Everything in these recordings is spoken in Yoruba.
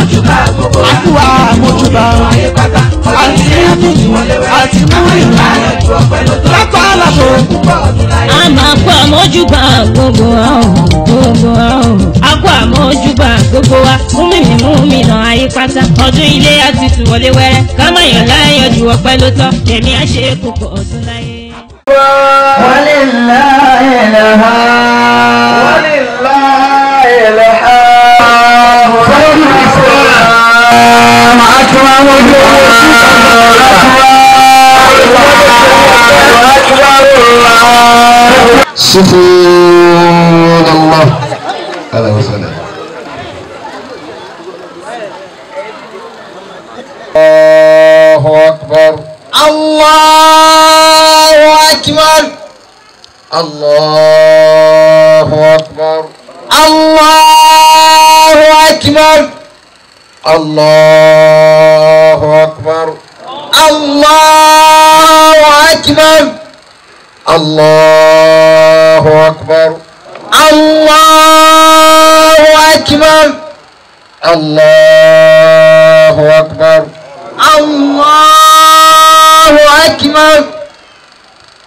àmójúbà gbogbo wa àmójúbà ayé pátá ọlọ́run ní wọlé wẹ́rẹ́ àti múrin àyànjú ọpẹ́ ló tọ́ lápá àlàfo púpọ̀ ọdún láyé. a máa kó àmójúbà gbogbo wa gbogbo wa a kó àmójúbà gbogbo wa múmìnì múmìnà ayé pátá ọdún ilé àti tùwọlé wẹ́rẹ́ ká má yàn láyànjú ọpẹ́ ló tọ́ èmi á ṣe é púpọ̀ ọdún láyé. ولله الحمد ولله الحمد سبحان الله هذا هو الله أكبر الله أكبر الله الله أكبر الله أكبر الله أكبر الله أكبر الله أكبر الله أكبر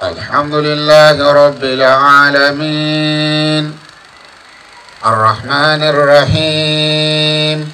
الحمد لله رب العالمين الرحمن الرحيم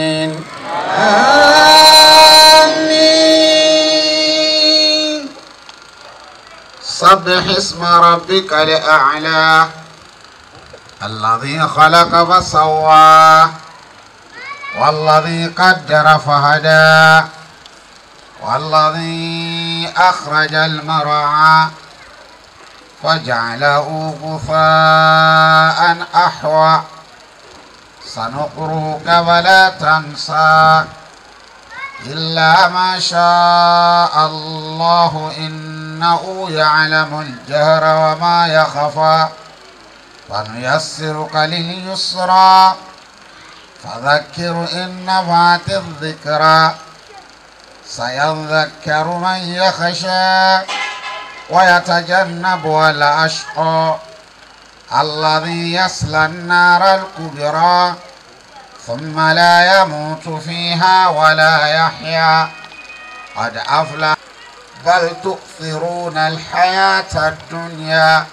آمين سبح اسم ربك الأعلى الذي خلق فسوى والذي قدر فهدى والذي أخرج المرعى فجعله غفاء أحوى سنقرؤك ولا تنساك إلا ما شاء الله إنه يعلم الجهر وما يخفى فنيسرك لليسرى فذكر إن نفعت الذكرى سيذكر من يخشى ويتجنب الأشقى الذي يصلى النار الكبرى ثم لا يموت فيها ولا يحيا قد أفلح بل تؤثرون الحياة الدنيا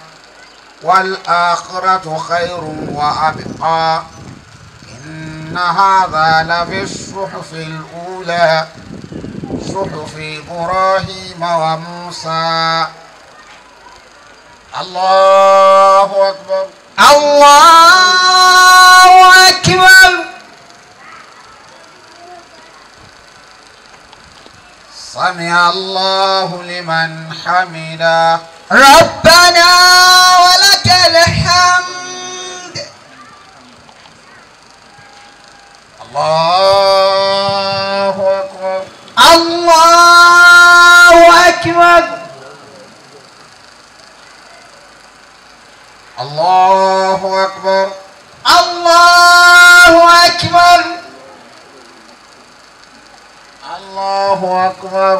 والآخرة خير وأبقى إن هذا لفي الصحف الأولى صحف إبراهيم وموسى الله أكبر الله الله لمن حمدا ربنا ولك الحمد الله أكبر الله أكبر الله أكبر الله أكبر الله أكبر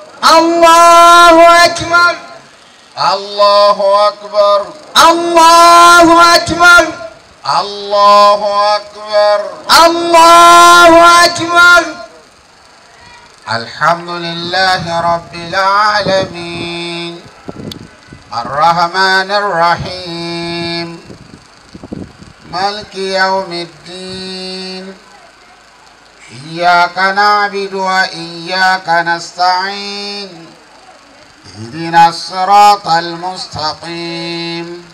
الله أكبر الله أكبر الله أكبر الله أكبر الله أكبر الحمد لله رب العالمين الرحمن الرحيم ملك يوم الدين إياك نعبد وإياك نستعين اهدنا الصراط المستقيم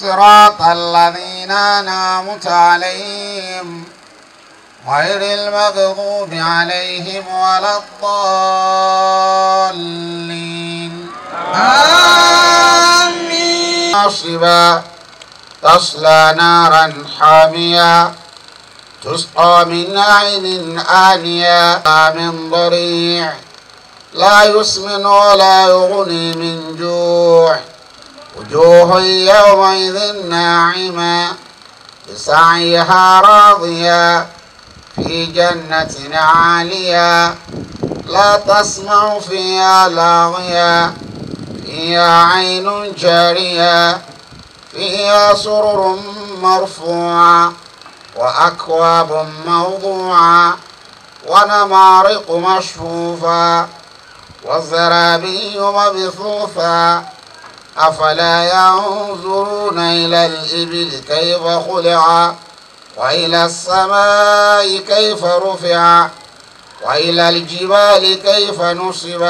صراط الذين أنعمت عليهم غير المغضوب عليهم ولا الضالين آمين تصلى نارا حامية تسقى من عين آنية من ضريع لا يسمن ولا يغني من جوع وجوه يومئذ ناعمة لسعيها راضية في جنة عالية لا تسمع فيها لاغية فيها عين جارية فيها سرر مرفوعة وأكواب موضوعة ونمارق مشفوفة والزرابي مبثوثة أفلا ينظرون إلى الإبل كيف خلع وإلى السماء كيف رفع وإلى الجبال كيف نصب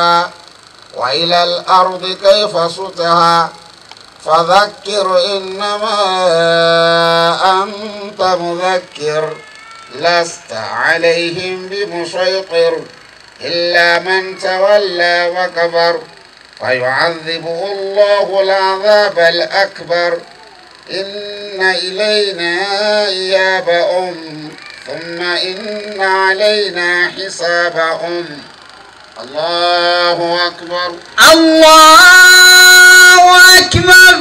وإلى الأرض كيف سطها فذكر إنما أنت مذكر لست عليهم بمسيطر إلا من تولى وكفر فيعذبه الله العذاب الأكبر إن إلينا إيابهم ثم إن علينا حسابهم الله أكبر الله أكبر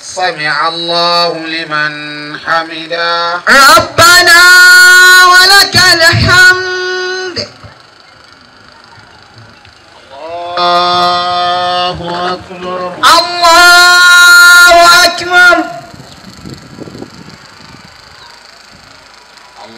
سمع الله لمن حمده ربنا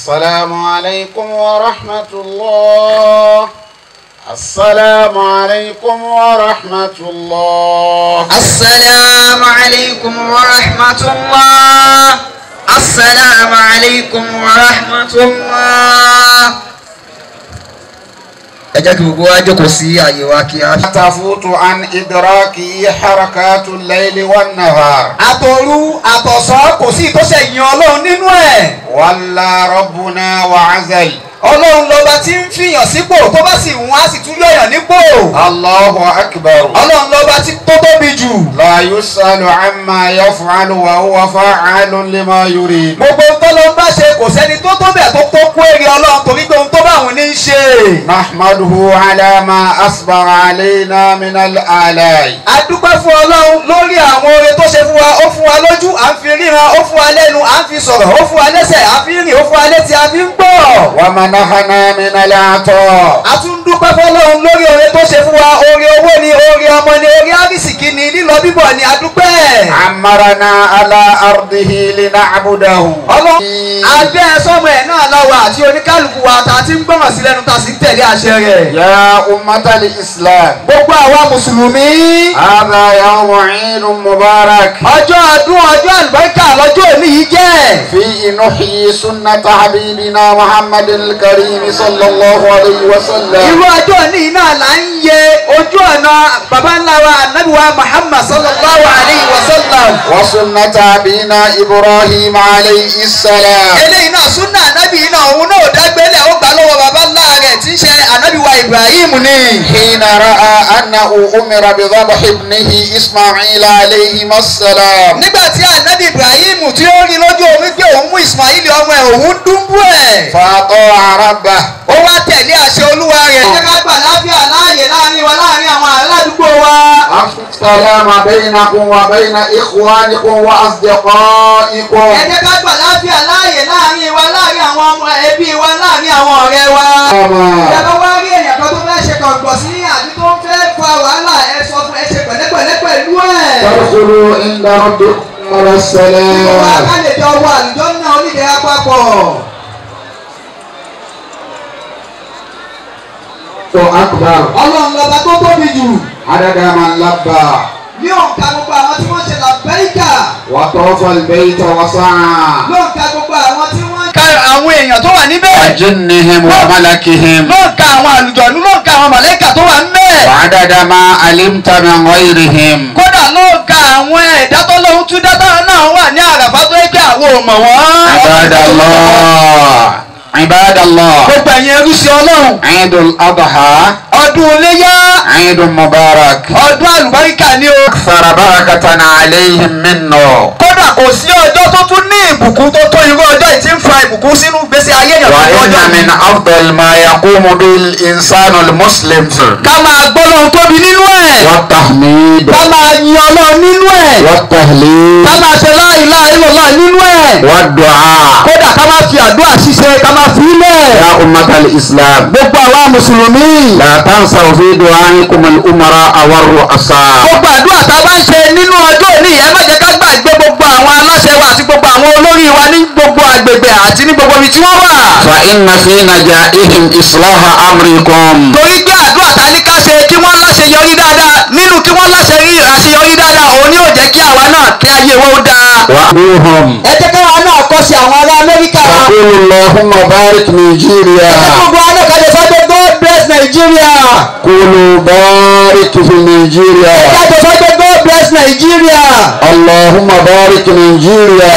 السلام عليكم ورحمة الله السلام عليكم ورحمة الله السلام عليكم ورحمة الله السلام عليكم ورحمة الله ẹ jẹ́ kí gbogbo wa jókòó sí àyè wa kí a. àtàfùtù an idraki harakatu layli wan nahar. àtòru àtọ̀sán kò sí ìtọ́sẹ̀ yìn ọlọ́run nínú ẹ̀. wàlá rabbuna wa ọlọ́run lọ́ba tí ń fìyàn sípò tó bá sì wọ́n á sì tún yọ̀yàn nípò. Allahu akbar. ọlọ́run lọ́ba tí tó tóbi jù. la yusalu amma yaf'alu wa huwa fa'alun lima yurid. gbogbo tọ́lọ́ bá ṣe kò sẹ́ni tó tó bẹ̀ tó tó kú èrè ọlọ́run torí pé ohun tó bá òun ní í ṣe. nahmaduhu ala asbara alayna minal alay. a dúpẹ́ fún ọlọ́run lórí àwọn oore tó ṣe fún wa ó fún wa lójú à wàmánáháná mínálẹ àtọ. a tún dúpẹ́ fọlọ́run lórí oore tó ṣe fún wa oore owó ni oore ọmọ ni oore àrísìkí ni lílọ bíbọ̀ ni a dúpẹ́. amarana ala ardihi lina abudahu. ọlọ́run abẹ́ sọ́mọ ẹ̀ náà láwa àti oníkálukú wa tá ti ń gbọ́ràn sí lẹ́nu tá a àṣẹ rẹ̀. ya umatali islam. gbogbo àwa mùsùlùmí. ala yawmu ìdùn mubarak. ọjọ́ ọdún ọjọ́ àlùbáríkà lọ́jọ́ òní yìí jẹ́. fi inú hi sunnata habibina muhammad. محمد الكريم صلى الله عليه وسلم. irú ọjọ́ ní iná là ń yẹ ojú ọ̀nà bàbá ńlá wa ànábì wa muhammad sallallahu alayhi wa sallam. wa sunnata abina ibrahim alayhi salam. eléyìí náà sunna ànábì náà òun náà dágbélé ó gbà lọ́wọ́ bàbá ńlá rẹ̀ tí ń ṣe ànábìwá Ibrahim ni. hina ra'a anna umira bi dhabahi ibnihi Ismail alayhi masalam. nígbà tí ànábì Ibrahim tí ó rí lójú omi pé òun mú Ismail ọmọ ẹ̀ òun dúnbú ẹ̀. fàtọ́ àràbà. ó wá tẹ̀lé àṣẹ olúwa rẹ̀. ṣé ká gbà láfíà láàyè láàrin wa láàrin àwọn aládùúgbò wa. asalaamu baynakum wa bayna ikhwanikum wa asdiqaikum. ẹ jẹ́ ká gbà láfíà láàyè láàrin wa láàrin àwọn ọmọ ẹbí wa láàrin àwọn ọ̀rẹ́ wa wà. ìjọba wá rí èèyàn kan tó fẹ́ ṣe kọ̀ǹkọ̀ sí àbí tó fẹ́ fa wàhálà ẹ sọ fún ẹ ṣe pẹ̀lẹ́pẹ̀lẹ́ pẹ̀lú ẹ̀. tọ́sùlù ńlá ọdún mọ̀rọ̀ sẹ́lẹ̀. ìwà àkàlẹ̀jọ wà àlùjọ náà onídẹ̀ẹ́ àpapọ̀. tó akbar. ọlọ́run lọ́ba tó tóbi jù. adada máa ń lábà. ní òǹkà gbogbo àwọn tí wọ́n ṣe làbẹ́ríkà. wàtọ́ fọlùbẹ́yìí tọwọ́ sáà. ní òǹkà gbogbo àwọn tí ń ka àwọn èèyàn tó wà níbẹ̀. àjínnihim wa malakihim. Lọ ka àwọn àlùjọ̀nú lọ ka àwọn màlẹ́kà tó wà níbẹ̀. wà á ma alimta min ghayrihim. kódà ló ka àwọn ẹ̀dá tó tún dátà náà wà ní àràfá tó yẹ kí àwọn ò mọ̀ Ibadallah. Gbogbo ẹ̀yin ẹrúsí Ọlọ́run. Eidul Adha. Ọdún Iléyá. Eidul Mubarak. Ọdún àlùbáríkà ni o. Aksara barakatan alayhim minna. Kódà kò sí ọjọ́ tó tún ní ìbùkún tó tó irú ọjọ́ yìí tí ń fa ìbùkún sínú gbèsè ayé yẹn lọ́jọ́ yìí. Wa inna min afdal ma yaqumu bil insanul muslim. Ká máa gbólóhùn tóbi nínú ẹ̀. Wa tahmid. Ká máa yin Ọlọ́run nínú ẹ̀. Wa tahlil. Ká máa ṣe la ilaha illallah nínú ẹ̀. Wa du'a. Kódà ká máa fi àdúrà ṣiṣẹ́ ká má wa sílẹ̀. ya ummatal islam. gbogbo àwa mùsùlùmí. la tansa fi du'aikum al umara awaru asa. gbogbo àdúrà tá a bá ń ṣe nínú ọjọ́ òní ẹ má jẹ́ ká gbàgbé gbogbo àwọn aláṣẹ wa àti gbogbo àwọn olórí wa ní gbogbo àgbègbè àti ní gbogbo ibi tí wọ́n wà. fa inna fi najaihim islaha amrikom. torí pé àdúrà tá a ní ká ṣe kí wọ́n láṣẹ yọrí dáadáa nínú kí wọ́n láṣẹ àṣeyọrí dáadáa òun ni yóò jẹ́ kí àwa náà kí ayé قولوا اللهم بارك نيجيريا God bless Nigeria. قولوا بارك في نيجيريا. God bless Nigeria. اللهم بارك نيجيريا.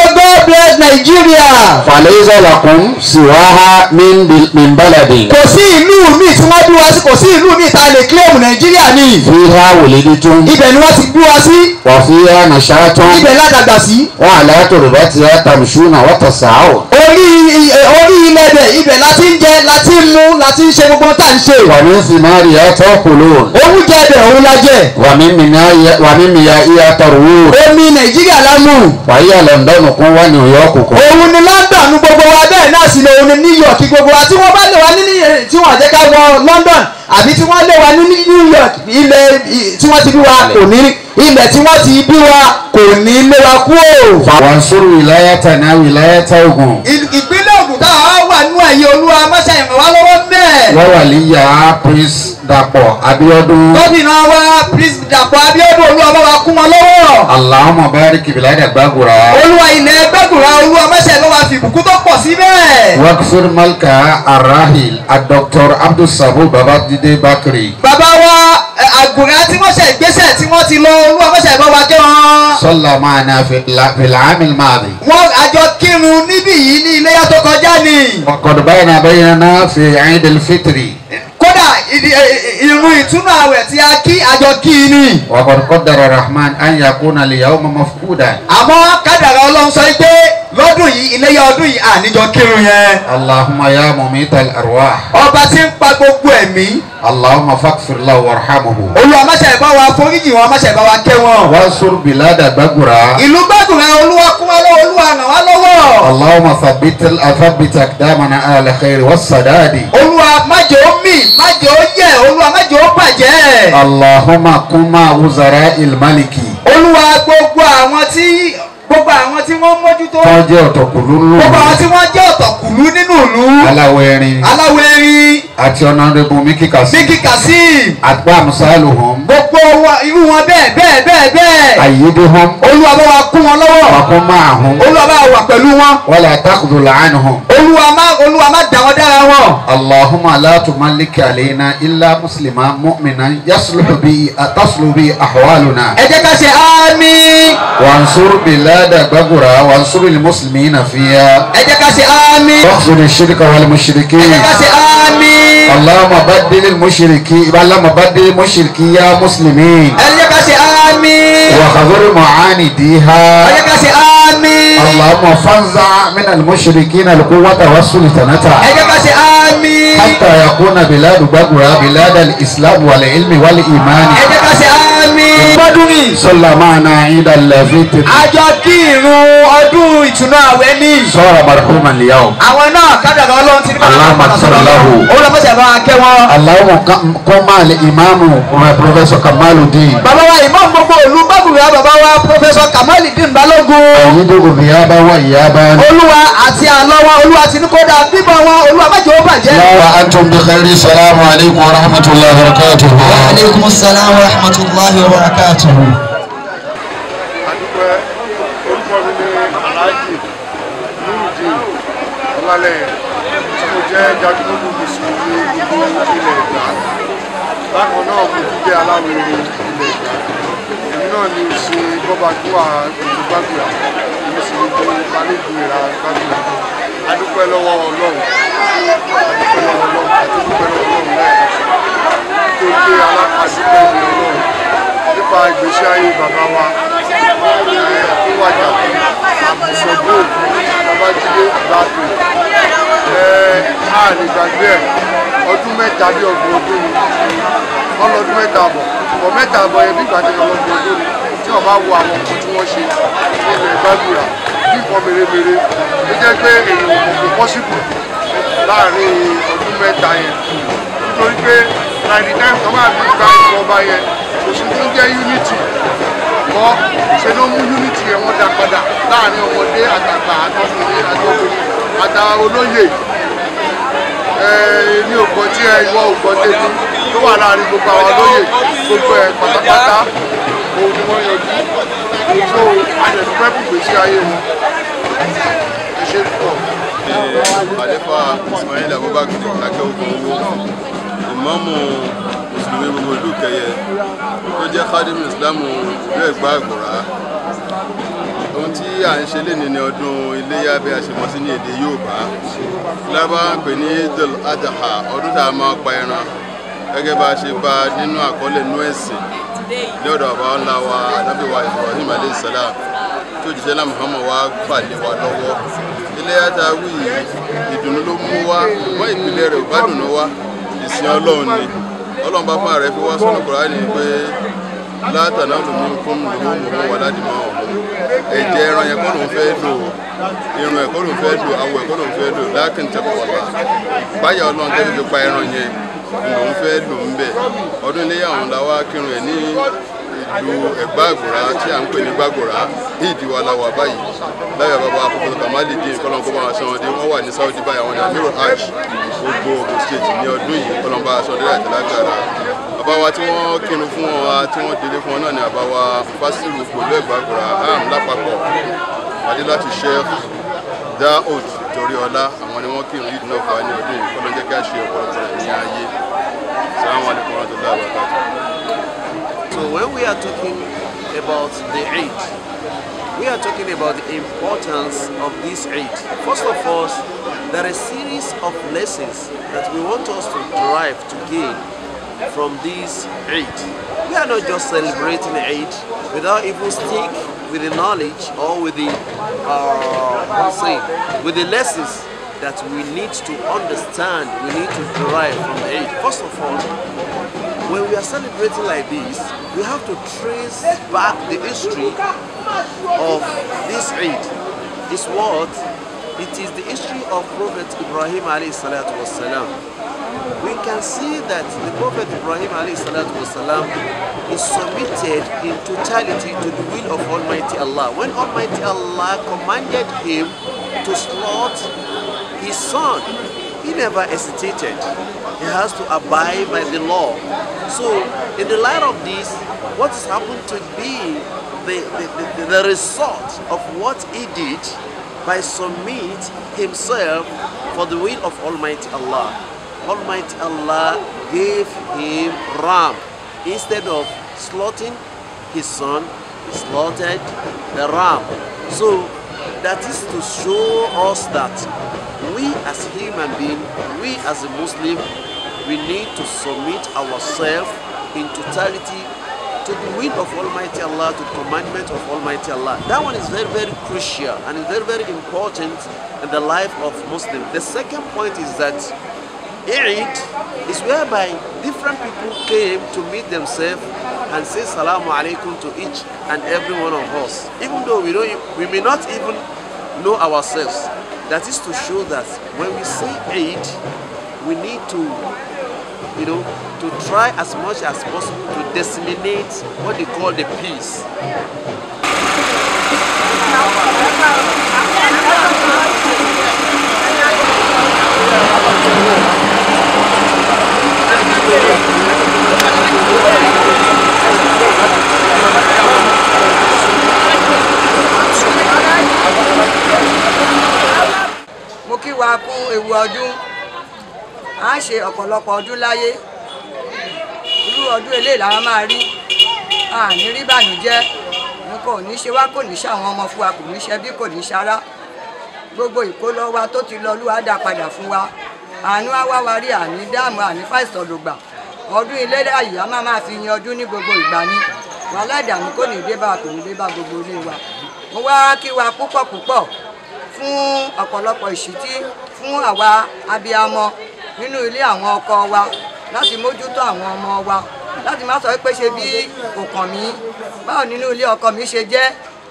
God bless Nigeria. فليس لكم سواها من من بلد. kò sí ìlú mi tí wọ́n bí wa sí kò sí ìlú mi tá a lè claim Nàìjíríà ni. fíhá wòlédí tún. ibẹ̀ ni wọ́n ti bí wa sí. wà fíhá nàṣà tún. ibẹ̀ ládàgbà sí. wọ́n àlẹ́ tòrò bá ti ẹ̀ tàmṣú náà wọ́n tọ̀ sáà o. ó orí orí ilẹ̀ bẹ̀ ibẹ̀ láti ń jẹ láti ń mú láti ń ṣe gbogbo tá à ń ṣe. wà mí sì máa rí ẹtọ́ kúló. oúnjẹ bẹ̀ òun la jẹ. wà mí mi ya iya tọrọ wò. omi nàìjíríà lámù. wà á yà lọ́ndọ̀nù kún wá ní òyọ́ kòkó. òun ni lọ́nd bẹ́ẹ̀ náà sì lòun ní New York gbogbo wa tí wọ́n bá lè wá ní tí wọ́n jẹ́ wọ London àbí tí wọ́n lè wá ní New York ilẹ̀ tí wọ́n ti bí wa kò ní ilẹ̀ tí wọ́n ti bí wa kò ní lé wa kú o. wàásù wìláyàtà náà wìláyàtà Ògùn. ìpín ẹkùn tá a wà nú ẹ̀yẹ olúwa mọ́ṣẹ́ ìmọ̀ wá lọ́wọ́ bẹ́ẹ̀. lọ́wọ́ lè yà á prince dàpọ̀ abíọ́dún. gómìnà wa dàpọ̀ abíọ́dún olúwa bá wa kún wọn lọ́wọ́. Allahumma barik kìbìlà ẹ̀dà gbàgùrà. olúwa ilẹ̀ gbàgùrà olúwa mọ́ṣẹ́ ló wa tó pọ̀ sí bẹ́ẹ̀. wakfir malka arahil a dr abdulsabu babajide bakri. bàbá wa àgùnrán tí wọ́n ṣe ìgbésẹ̀ tí wọ́n ti lọ olúwa mọ́ṣẹ́ ìbọn wa kí wọ́n. sọlá máa na fìlàmì máa bì. wọ́n àjọ kírun níbí yìí ní iléyà tó kọjá ni. ọkọ̀dùbáyìí náà bẹ́yìn náà fi Eid al-Fitri irun ìtúnu àwẹ̀ tí a kí àjọ kí ni. wàkọ̀dọ̀kọ̀ dara rahman anya kuna lè yàwó mọ́mọ́ fúdà. àmọ́ kádàrá ọlọ́run sọ pé lọ́dún yìí iléyà ọdún yìí àníjọ kírun yẹn. alahuma ya mumita arwa. ọba tí ń pa gbogbo ẹ̀mí. alahuma fakfirila warhamuhu. olùwàmáṣẹ́ ìbáwá foríjì wọn máṣẹ́ ìbáwá kẹ́ wọn. wàásù bìládà gbàgbọ́ra. ìlú bá arákùnrin olúwa kúwálé olúwa ràn wá lọ́wọ́. Allahumma thabbital athabbit aqdamana ala khairi was sadadi. olúwa má jẹ́ ó mì má jẹ́ ó yẹ̀ olúwa má jẹ́ ó bàjẹ́. Allahumma kuma wuzara ilmaliki. olúwa gbogbo àwọn tí gbogbo àwọn tí wọ́n mójútó. wọ́n jẹ́ ọ̀tọ̀kùlú nínú ìlú. gbogbo àwọn tí wọ́n jẹ́ ọ̀tọ̀kùlú nínú ìlú. aláwọ̀ erin. aláwọ̀ erin. àti ọ̀nàdẹ́bù Miki Kasim. Miki Kasim. àgbà musalu hàn. gbogbo irú wọn bẹ́ẹ̀ bẹ́ẹ̀ bẹ́ẹ̀ bẹ́ẹ̀. àyíde hàn. olúwa bá wa kún wọn lọ́wọ́. wà kó máa hàn. olúwa bá wà pẹ̀lú wọn. wàlẹ̀ àtàkùdù làánù hàn. olúwa má olúwa má dà wọn dára wọn. allahumma la tumallik alayna illa muslima بلاد بقرا وانصر المسلمين فيها اجكاسي امين واخذل الشرك والمشركين اجكاسي امين اللهم بدل المشركين اللهم بدل المشركين يا مسلمين اجكاسي امين وخذل معانديها اجكاسي امين اللهم فانزع من المشركين القوة والسلطنة اجكاسي امين حتى يكون بلاد بقرا بلاد الإسلام والعلم والإيمان. اجكاسي امين bọ́dúnrì. sọlá máa na ayíǹda lẹ́fẹ́ tètè. àjọ kí irun ọdún ìtùnú àwẹ̀ ní. sọ̀rọ̀ àbàdàkùn màlìyà o. àwọn náà kádàgà ọlọ́run ti ní bá a sọ̀rọ̀ lọ́wọ́. ó lọ fẹsẹ̀ bá a kẹ́ wọn. aláwọ̀ kọ́ máa lè ìmáàmù ọmọ ẹ̀ pọ̀fẹ́sọ̀ Kamalu dín. bàbá wa ìmáàmù gbogbo olùwẹ̀ bàbá wa pọfẹsọ kamali dín balógun. èyí tó kò fi yá bá wá ìyá bá ní. olúwa àti àlọ́ wa olúwa ti ní kó dáa bíbọ̀ wọn olúwa má jẹ́ ó bàjẹ́. yàrá antum bi khairi salamu alaykum wa rahmatulahi wa barakatuhu. wa aleykum salaam wa rahmatulahi wa barakatuhu. Ọlálẹ̀ tí mo jẹ́ jagunmọ́lù mùsùlùmí gbogbo ilẹ̀ ìgbà bákan náà mo tún jẹ́ aláwẹ̀rẹ̀ náà ni ṣe bọ́bàdúrà gbogbo gbàdúrà èmi sì ní gbogbo balẹ̀gbìnrin gbàdúrà adúpẹ́ lọ́wọ́ ọlọ́run adúpẹ́ lọ́wọ́ ọlọ́run àti dúpẹ́ lọ́wọ́ ọlọ́run lẹ́ẹ̀kan tó gbé alápàdúpẹ́ ní ọlọ́run nípa ìgbésí ayé bàbá wa àti wájà babájídé gbàdúrà a lè gbàgbé ẹ̀ ọdún mẹ́ta bí ọgbọ̀n ọdún ni ọlọ́dún mẹ́ta àbọ̀ ọ̀ mẹ́ta àbọ̀ yẹn bí ìgbàdé ọlọ́dún ọdún ni tí wọ́n bá wo àwọn nǹkan tí wọ́n ṣe nínú ìgbàgbéra bí nǹkan mèremère tó jẹ́ pé èèyàn kò pọ́sibù láàrin ọdún mẹ́ta yẹn nítorí pé ninety nine tó máa bí gba ìjọba yẹn kò sí tó ń jẹ́ unity kọ́ ṣe ló mú unity yẹn wọ́n dá padà láàrin ọmọdé àtàgbà àtọ́kùnrin àtọ́kùnrin àtàwọn olóyè ní ògbọ́n tí ẹ ìwọ ògbọ́n tèmi tó wà láàrin gbogbo àwọn olóyè gbogbo ẹ pátápátá òun ni wọ́n yọjú tó àjẹ̀dúpẹ́ bùgbésí ayé wọn ẹ ṣe púpọ̀. àlefa Ismail Abubakar lákẹ́ ogun owó ìmọ̀mù mùsùlùmí gbogbo ìlú Ìkẹyẹ tó jẹ́ kádìmù ìsìlámù ìlú Ẹ̀gbá Àgbọ̀rá ohun tí à ń ṣe lénìí ni ọdún iléyà bí a ṣe mọ̀ sí ní èdè Yorùbá lábá ń pè ní idul adha ọdún tá a máa pa ẹran gẹ́gẹ́ bá a ṣe bá nínú àkọọ́lẹ̀ inú ẹ̀sìn ní ọ̀dọ̀ àbá ńlá wa ànábì wa Ibrahim alayhi salam tí òjíṣẹ́ náà Muhammad wa gbà lé wa lọ́wọ́ iléyà tá a wí ìdùnnú ló mú wa wọ́n ìpìlẹ̀ rẹ̀ ò bá dùnnú wa ìsìn Ọlọ́run ni Ọlọ́run bá fún ààrẹ fi wá sọ́nà Kùránì pé látàná lùmí kún lùmí òmùmọ́ wà ládìmọ́ ẹ̀jẹ̀ ẹran yẹn kọ́ ló ń fẹ́ lò irun ẹ̀ kọ́ ló ń fẹ́ lò awọ ẹ̀ kọ́ ló ń fẹ́ lò láàkín tẹ̀ pọ̀ wá báyà mbe tẹ́ ile pa ẹran yẹn ló ń fẹ́ lò ń ni ọdún iléyà ọ̀hún la wá kírun ẹ̀ ní ìlú Ẹ̀gbá Àgbòrá tí à ń pè ní Gbàgbòrá ní ìdíwọ́ aláwọ̀ báyìí hajj la. bàbá tí wọ́n kírun fún wa tí wọ́n délé fún wa náà ni bàbá fásitì pẹ̀lú ẹ̀gbàgbọ́ra am lápapọ̀ adélàtì sheikh daoud toriola àwọn ni wọ́n kírun yìí náà fún ní ọdún yìí kọ́lọ́ jẹ́ ká ṣe ọ̀pọ̀lọpọ̀ ní ayé sàwọn àlekún wa tó dáàbò àkàtà. So when we are talking about the Eid, we are talking about the importance of this Eid. First of all, there are a series of lessons that we want us to drive to gain from this Eid. We are not just celebrating Eid without even stick with the knowledge or with the, uh, say, with the lessons that we need to understand, we need to derive from Eid. First of all, when we are celebrating like this, we have to trace back the history of this Eid. This what? It is the history of Prophet Ibrahim alayhi salatu we can see that the Prophet Ibrahim والسلام, is submitted in totality to the will of Almighty Allah. When Almighty Allah commanded him to slaughter his son, he never hesitated. He has to abide by the law. So, in the light of this, what has happened to be the, the, the, the result of what he did by submit himself for the will of Almighty Allah. Almighty Allah gave him ram. Instead of slaughtering his son, he slaughtered the ram. So that is to show us that we as human beings, we as a Muslim, we need to submit ourselves in totality to the will of Almighty Allah, to the commandment of Almighty Allah. That one is very, very crucial and very, very important in the life of Muslim. The second point is that Eid is whereby different people came to meet themselves and say salamu alaikum to each and every one of us. Even though we, don't, we may not even know ourselves. That is to show that when we say Eid, we need to, you know, to try as much as possible to disseminate what they call the peace. mo kí wa kú ewu ọdún a ṣe ọ̀pọ̀lọpọ̀ ọdún láyé irú ọdún eléyìí làwa máa rí a ní rí bànújẹ́ n kò ní ṣe wá kò ní ṣe àwọn ọmọ fún wa kò ní ṣe bí kò ní ṣe ara gbogbo ìkólọ́wà tó ti lọ lúwa dá padà fún wa àánú awáwarí àní dáàmú àní fàìsọ̀lùgbà ọdún iléyá yìí a máa máa fi yan ọdún ní gbogbo ìgbà ni wàhálà ìdààmú kò ní dé bá kò ní dé bá gbogbo ilé wa mo wá kí wa púpọ̀ púpọ̀ fún ọ̀pọ̀lọpọ̀ ìṣítí fún àwa abiyamọ nínú ilé àwọn ọkọ wa láti mójútó àwọn ọmọ wa láti má sọ pé ṣe bí òkàn mi báwo nínú ilé ọkọ mi ṣe jẹ́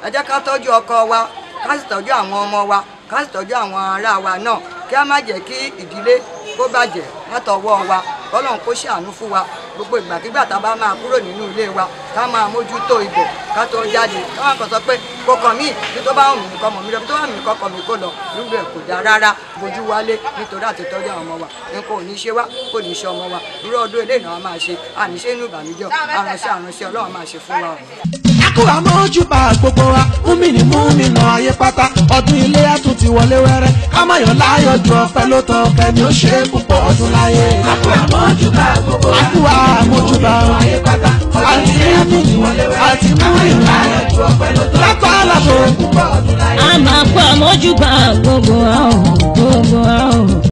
ẹ jẹ́ ká tọ́jú ọkọ wa ká sì tọ́jú àwọn ọmọ wa ká sì tọ́jú àwọn ará wa náà kí a má jẹ́ kí ìdílé kó bàjẹ́ látọwọ́ wa kọ́lọ́n kó ṣàánú fún wa gbogbo ìgbàkigbà tá a bá máa kúrò nínú ilé wa ká máa mójútó ibẹ̀ ká tó jáde ká máa kàn sọ pé kò kàn mí bí tó bá wù mí kọ́ mọ̀ mí lọ bí tó bá wù mí kọ́ kọ́ mi kó lọ irú ẹ̀ kò dáa rárá bójú wálé nítorí àti tọ́jú àwọn ọmọ wa nǹkan ò ní ṣe wá kò ní ṣe ọmọ wa irú ọdún eléyìí náà máa ṣe àníṣe inú ìbànújẹ́ àránṣẹ́ àránṣẹ́ Ọlọ́run máa ṣe fún wa kú àmójúbà gbogbo wa múmìnì múmìnà ayé pátá ọdún ilé àtún ti wọlé wẹ́rẹ́ kámọ̀yọ̀ láyọ̀ ju ọpẹ́ ló tọ́ kẹ́mi ó ṣe púpọ̀ ọdún láyé. a kú àmójúbà gbogbo wa kú àmójúbà ayé pátá àti múmìnì àti múmìnà láyọ̀ ju ọpẹ́ ló tọ́ látàlá tó. a máa kú àmójúbà gbogbo wa gbogbo wa.